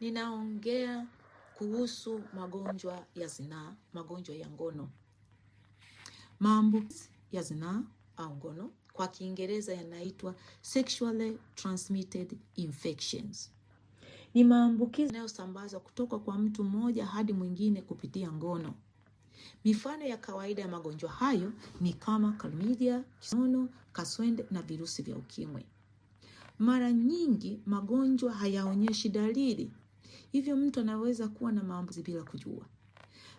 ninaongea kuhusu magonjwa ya zinaa, magonjwa ya ngono, maambukizi ya zinaa au ngono, kwa Kiingereza yanaitwa sexually transmitted infections. Ni maambukizi yanayosambazwa kutoka kwa mtu mmoja hadi mwingine kupitia ngono. Mifano ya kawaida ya magonjwa hayo ni kama klamidia, kisonono, kaswende na virusi vya ukimwi. Mara nyingi magonjwa hayaonyeshi dalili Hivyo mtu anaweza kuwa na maambukizi bila kujua.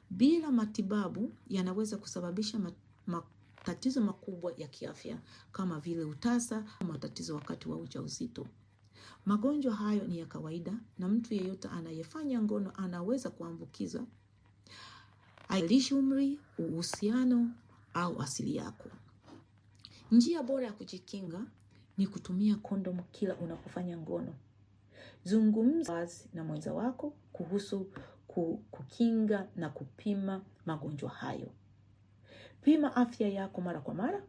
Bila matibabu yanaweza kusababisha matatizo makubwa ya kiafya kama vile utasa, matatizo wakati wa ujauzito. Magonjwa hayo ni ya kawaida na mtu yeyote anayefanya ngono anaweza kuambukizwa, haijalishi umri, uhusiano au asili yako. Njia bora ya kujikinga ni kutumia kondomu kila unapofanya ngono. Zungumza wazi na mwenza wako kuhusu kukinga na kupima magonjwa hayo. Pima afya yako mara kwa mara,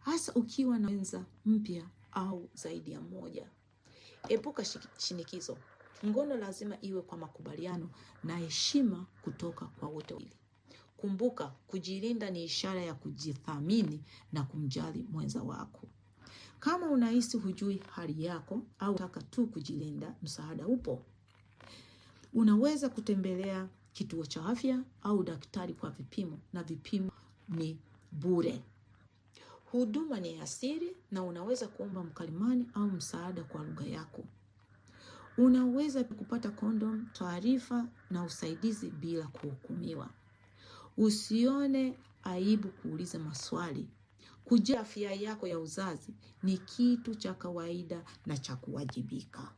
hasa ukiwa na mwenza mpya au zaidi ya mmoja. Epuka shinikizo. Ngono lazima iwe kwa makubaliano na heshima kutoka kwa wote wawili. Kumbuka, kujilinda ni ishara ya kujithamini na kumjali mwenza wako. Kama unahisi hujui hali yako au unataka tu kujilinda, msaada upo. Unaweza kutembelea kituo cha afya au daktari kwa vipimo, na vipimo ni bure. Huduma ni asiri na unaweza kuomba mkalimani au msaada kwa lugha yako. Unaweza kupata kondom, taarifa na usaidizi bila kuhukumiwa. Usione aibu kuuliza maswali kujia afya yako ya uzazi ni kitu cha kawaida na cha kuwajibika.